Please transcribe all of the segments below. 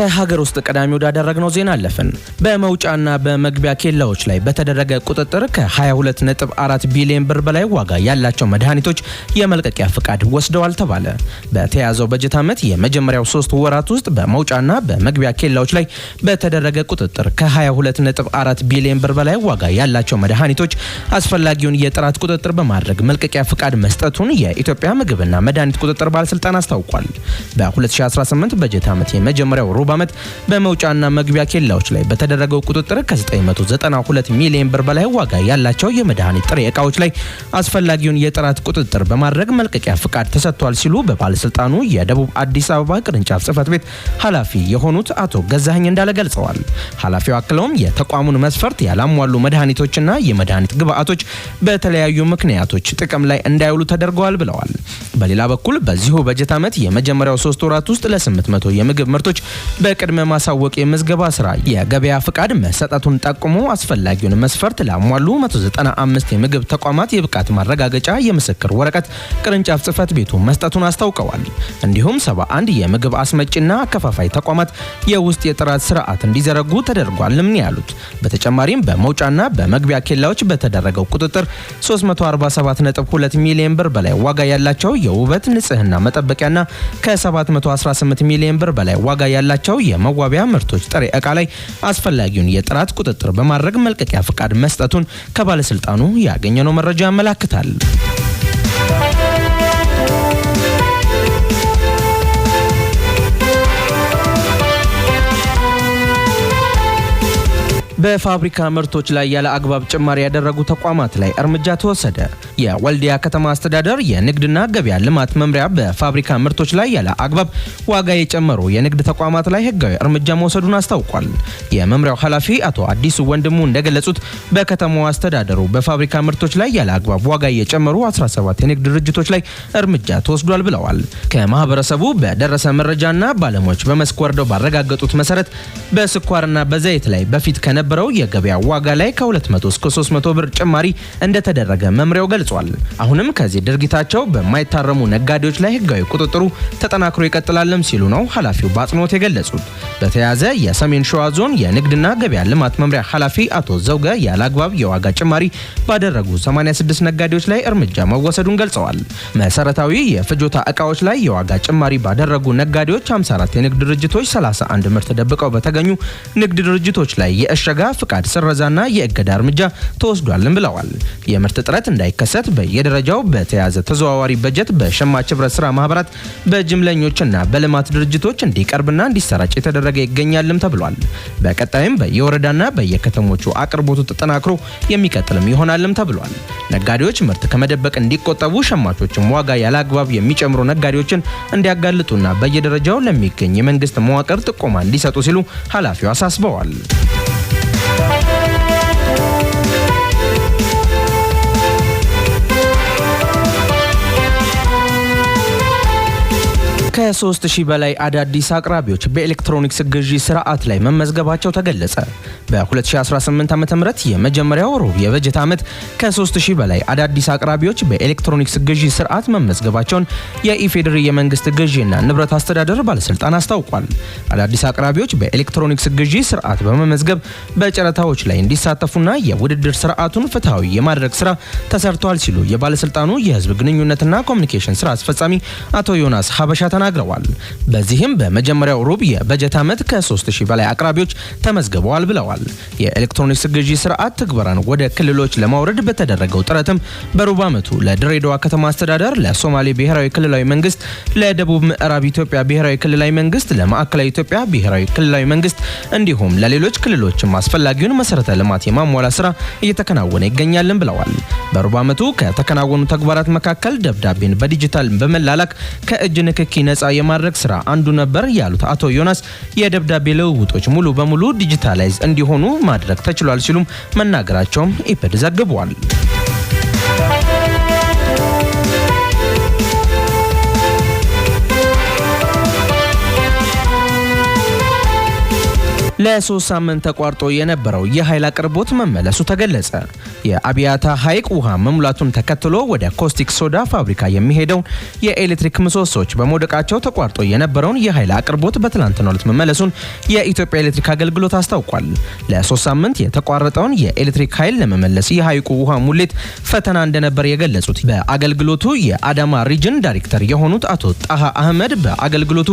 ከሀገር ውስጥ ቀዳሚ ወዳደረግነው ዜና አለፍን። በመውጫና በመግቢያ ኬላዎች ላይ በተደረገ ቁጥጥር ከ22.4 ቢሊዮን ብር በላይ ዋጋ ያላቸው መድኃኒቶች የመልቀቂያ ፍቃድ ወስደዋል ተባለ። በተያዘው በጀት ዓመት የመጀመሪያው ሶስት ወራት ውስጥ በመውጫና በመግቢያ ኬላዎች ላይ በተደረገ ቁጥጥር ከ22.4 ቢሊዮን ብር በላይ ዋጋ ያላቸው መድኃኒቶች አስፈላጊውን የጥራት ቁጥጥር በማድረግ መልቀቂያ ፍቃድ መስጠቱን የኢትዮጵያ ምግብና መድኃኒት ቁጥጥር ባለስልጣን አስታውቋል። በ2018 በጀት ዓመት የመጀመሪያው ሩብ በ ዓመት በመውጫና መግቢያ ኬላዎች ላይ በተደረገው ቁጥጥር ከ992 ሚሊዮን ብር በላይ ዋጋ ያላቸው የመድኃኒት ጥሬ እቃዎች ላይ አስፈላጊውን የጥራት ቁጥጥር በማድረግ መልቀቂያ ፍቃድ ተሰጥቷል ሲሉ በባለስልጣኑ የደቡብ አዲስ አበባ ቅርንጫፍ ጽህፈት ቤት ኃላፊ የሆኑት አቶ ገዛኸኝ እንዳለ ገልጸዋል። ኃላፊው አክለውም የተቋሙን መስፈርት ያላሟሉ መድኃኒቶችና የመድኃኒት ግብአቶች በተለያዩ ምክንያቶች ጥቅም ላይ እንዳይውሉ ተደርገዋል ብለዋል። በሌላ በኩል በዚሁ በጀት ዓመት የመጀመሪያው ሶስት ወራት ውስጥ ለ800 የምግብ ምርቶች በቅድመ ማሳወቅ የምዝገባ ስራ የገበያ ፍቃድ መሰጠቱን ጠቁሞ አስፈላጊውን መስፈርት ላሟሉ 195 የምግብ ተቋማት የብቃት ማረጋገጫ የምስክር ወረቀት ቅርንጫፍ ጽህፈት ቤቱ መስጠቱን አስታውቀዋል። እንዲሁም 71 የምግብ አስመጪና አከፋፋይ ተቋማት የውስጥ የጥራት ስርዓት እንዲዘረጉ ተደርጓልም ያሉት በተጨማሪም በመውጫና በመግቢያ ኬላዎች በተደረገው ቁጥጥር 347.2 ሚሊዮን ብር በላይ ዋጋ ያላቸው የውበት ንጽህና መጠበቂያና ከ718 ሚሊዮን ብር በላይ ዋጋ ያላቸው ባላቸው የመዋቢያ ምርቶች ጥሬ እቃ ላይ አስፈላጊውን የጥራት ቁጥጥር በማድረግ መልቀቂያ ፍቃድ መስጠቱን ከባለስልጣኑ ያገኘነው መረጃ ያመላክታል። በፋብሪካ ምርቶች ላይ ያለ አግባብ ጭማሪ ያደረጉ ተቋማት ላይ እርምጃ ተወሰደ። የወልዲያ ከተማ አስተዳደር የንግድና ገበያ ልማት መምሪያ በፋብሪካ ምርቶች ላይ ያለ አግባብ ዋጋ የጨመሩ የንግድ ተቋማት ላይ ሕጋዊ እርምጃ መውሰዱን አስታውቋል። የመምሪያው ኃላፊ አቶ አዲሱ ወንድሙ እንደገለጹት በከተማው አስተዳደሩ በፋብሪካ ምርቶች ላይ ያለ አግባብ ዋጋ የጨመሩ 17 የንግድ ድርጅቶች ላይ እርምጃ ተወስዷል ብለዋል። ከማህበረሰቡ በደረሰ መረጃና ባለሙያዎች በመስክ ወርደው ባረጋገጡት መሰረት በስኳርና በዘይት ላይ በፊት ከነበ በነበረው የገበያ ዋጋ ላይ ከ200 እስከ 300 ብር ጭማሪ እንደተደረገ መምሪያው ገልጿል። አሁንም ከዚህ ድርጊታቸው በማይታረሙ ነጋዴዎች ላይ ሕጋዊ ቁጥጥሩ ተጠናክሮ ይቀጥላልም ሲሉ ነው ኃላፊው በአጽንኦት የገለጹት። በተያያዘ የሰሜን ሸዋ ዞን የንግድና ገበያ ልማት መምሪያ ኃላፊ አቶ ዘውገ ያለ አግባብ የዋጋ ጭማሪ ባደረጉ 86 ነጋዴዎች ላይ እርምጃ መወሰዱን ገልጸዋል። መሰረታዊ የፍጆታ እቃዎች ላይ የዋጋ ጭማሪ ባደረጉ ነጋዴዎች 54 የንግድ ድርጅቶች 31 ምርት ደብቀው በተገኙ ንግድ ድርጅቶች ላይ የእሸገ ዋጋ ፍቃድ ስረዛና የእገዳ እርምጃ ተወስዷልን ብለዋል። የምርት እጥረት እንዳይከሰት በየደረጃው በተያዘ ተዘዋዋሪ በጀት በሸማች ህብረት ስራ ማህበራት በጅምለኞችና በልማት ድርጅቶች እንዲቀርብና እንዲሰራጭ የተደረገ ይገኛልም ተብሏል። በቀጣይም በየወረዳና በየከተሞቹ አቅርቦቱ ተጠናክሮ የሚቀጥልም ይሆናልም ተብሏል። ነጋዴዎች ምርት ከመደበቅ እንዲቆጠቡ፣ ሸማቾችም ዋጋ ያለ አግባብ የሚጨምሩ ነጋዴዎችን እንዲያጋልጡና በየደረጃው ለሚገኝ የመንግስት መዋቅር ጥቆማ እንዲሰጡ ሲሉ ኃላፊው አሳስበዋል። ከሶስት ሺህ በላይ አዳዲስ አቅራቢዎች በኤሌክትሮኒክስ ግዢ ስርዓት ላይ መመዝገባቸው ተገለጸ። በ2018 ም የመጀመሪያው ሩብ የበጀት ዓመት ከሶስት ሺህ በላይ አዳዲስ አቅራቢዎች በኤሌክትሮኒክስ ግዢ ስርዓት መመዝገባቸውን የኢፌዴሪ የመንግስት ግዢና ንብረት አስተዳደር ባለስልጣን አስታውቋል። አዳዲስ አቅራቢዎች በኤሌክትሮኒክስ ግዢ ስርዓት በመመዝገብ በጨረታዎች ላይ እንዲሳተፉና የውድድር ስርዓቱን ፍትሐዊ የማድረግ ስራ ተሰርቷል ሲሉ የባለስልጣኑ የህዝብ ግንኙነትና ኮሚኒኬሽን ስራ አስፈጻሚ አቶ ዮናስ ሀበሻ ተናግረዋል። ተናግረዋል። በዚህም በመጀመሪያው ሩብ የበጀት ዓመት ከ3000 በላይ አቅራቢዎች ተመዝግበዋል ብለዋል። የኤሌክትሮኒክስ ግዢ ስርዓት ትግበራን ወደ ክልሎች ለማውረድ በተደረገው ጥረትም በሩብ ዓመቱ ለድሬዳዋ ከተማ አስተዳደር፣ ለሶማሌ ብሔራዊ ክልላዊ መንግስት፣ ለደቡብ ምዕራብ ኢትዮጵያ ብሔራዊ ክልላዊ መንግስት፣ ለማዕከላዊ ኢትዮጵያ ብሔራዊ ክልላዊ መንግስት እንዲሁም ለሌሎች ክልሎችም አስፈላጊውን መሰረተ ልማት የማሟላ ስራ እየተከናወነ ይገኛልን ብለዋል። በሩብ ዓመቱ ከተከናወኑ ተግባራት መካከል ደብዳቤን በዲጂታል በመላላክ ከእጅ ንክኪ ነጻ የማድረግ ስራ አንዱ ነበር ያሉት አቶ ዮናስ የደብዳቤ ልውውጦች ሙሉ በሙሉ ዲጂታላይዝ እንዲሆኑ ማድረግ ተችሏል ሲሉም መናገራቸውም ኢፔድ ዘግቧል። ለሶስት ሳምንት ተቋርጦ የነበረው የኃይል አቅርቦት መመለሱ ተገለጸ። የአብያታ ሐይቅ ውሃ መሙላቱን ተከትሎ ወደ ኮስቲክ ሶዳ ፋብሪካ የሚሄደው የኤሌክትሪክ ምሰሶዎች በመውደቃቸው ተቋርጦ የነበረውን የኃይል አቅርቦት በትላንትናው ዕለት መመለሱን የኢትዮጵያ ኤሌክትሪክ አገልግሎት አስታውቋል። ለሶስት ሳምንት የተቋረጠውን የኤሌክትሪክ ኃይል ለመመለስ የሐይቁ ውሃ ሙሌት ፈተና እንደነበር የገለጹት በአገልግሎቱ የአዳማ ሪጅን ዳይሬክተር የሆኑት አቶ ጣሃ አህመድ በአገልግሎቱ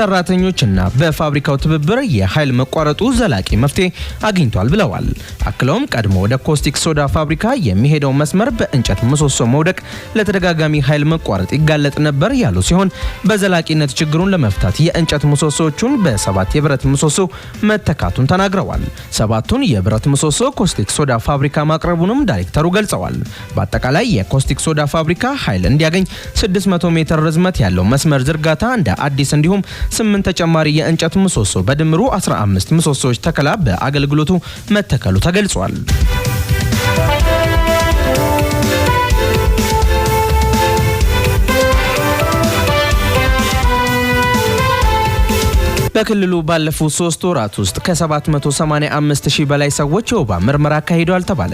ሰራተኞችና በፋብሪካው ትብብር የኃይል መቋረጥ መቋረጡ ዘላቂ መፍትሄ አግኝቷል ብለዋል። አክለውም ቀድሞ ወደ ኮስቲክ ሶዳ ፋብሪካ የሚሄደው መስመር በእንጨት ምሰሶ መውደቅ፣ ለተደጋጋሚ ኃይል መቋረጥ ይጋለጥ ነበር ያሉ ሲሆን በዘላቂነት ችግሩን ለመፍታት የእንጨት ምሰሶዎቹን በሰባት የብረት ምሰሶ መተካቱን ተናግረዋል። ሰባቱን የብረት ምሰሶ ኮስቲክ ሶዳ ፋብሪካ ማቅረቡንም ዳይሬክተሩ ገልጸዋል። በአጠቃላይ የኮስቲክ ሶዳ ፋብሪካ ኃይል እንዲያገኝ 600 ሜትር ርዝመት ያለው መስመር ዝርጋታ እንደ አዲስ እንዲሁም ስምንት ተጨማሪ የእንጨት ምሰሶ በድምሩ 15 የምሰሶዎች ተከላ በአገልግሎቱ መተከሉ ተገልጿል። በክልሉ ባለፉት ሶስት ወራት ውስጥ ከ785 ሺህ በላይ ሰዎች የወባ ምርመራ አካሂደዋል ተባለ።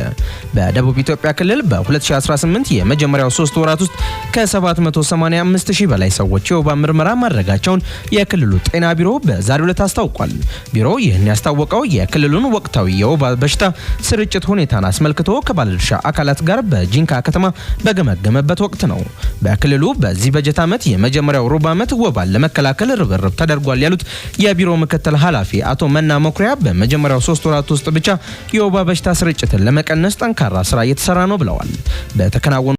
በደቡብ ኢትዮጵያ ክልል በ2018 የመጀመሪያው ሶስት ወራት ውስጥ ከ785 ሺህ በላይ ሰዎች የወባ ምርመራ ማድረጋቸውን የክልሉ ጤና ቢሮ በዛሬው ዕለት አስታውቋል። ቢሮው ይህን ያስታወቀው የክልሉን ወቅታዊ የወባ በሽታ ስርጭት ሁኔታን አስመልክቶ ከባለድርሻ አካላት ጋር በጂንካ ከተማ በገመገመበት ወቅት ነው። በክልሉ በዚህ በጀት ዓመት የመጀመሪያው ሩብ ዓመት ወባን ለመከላከል ርብርብ ተደርጓል ያሉት የቢሮ ምክትል ኃላፊ አቶ መና መኩሪያ በመጀመሪያው ሶስት ወራት ውስጥ ብቻ የወባ በሽታ ስርጭትን ለመቀነስ ጠንካራ ስራ እየተሰራ ነው ብለዋል። በተከናወኑ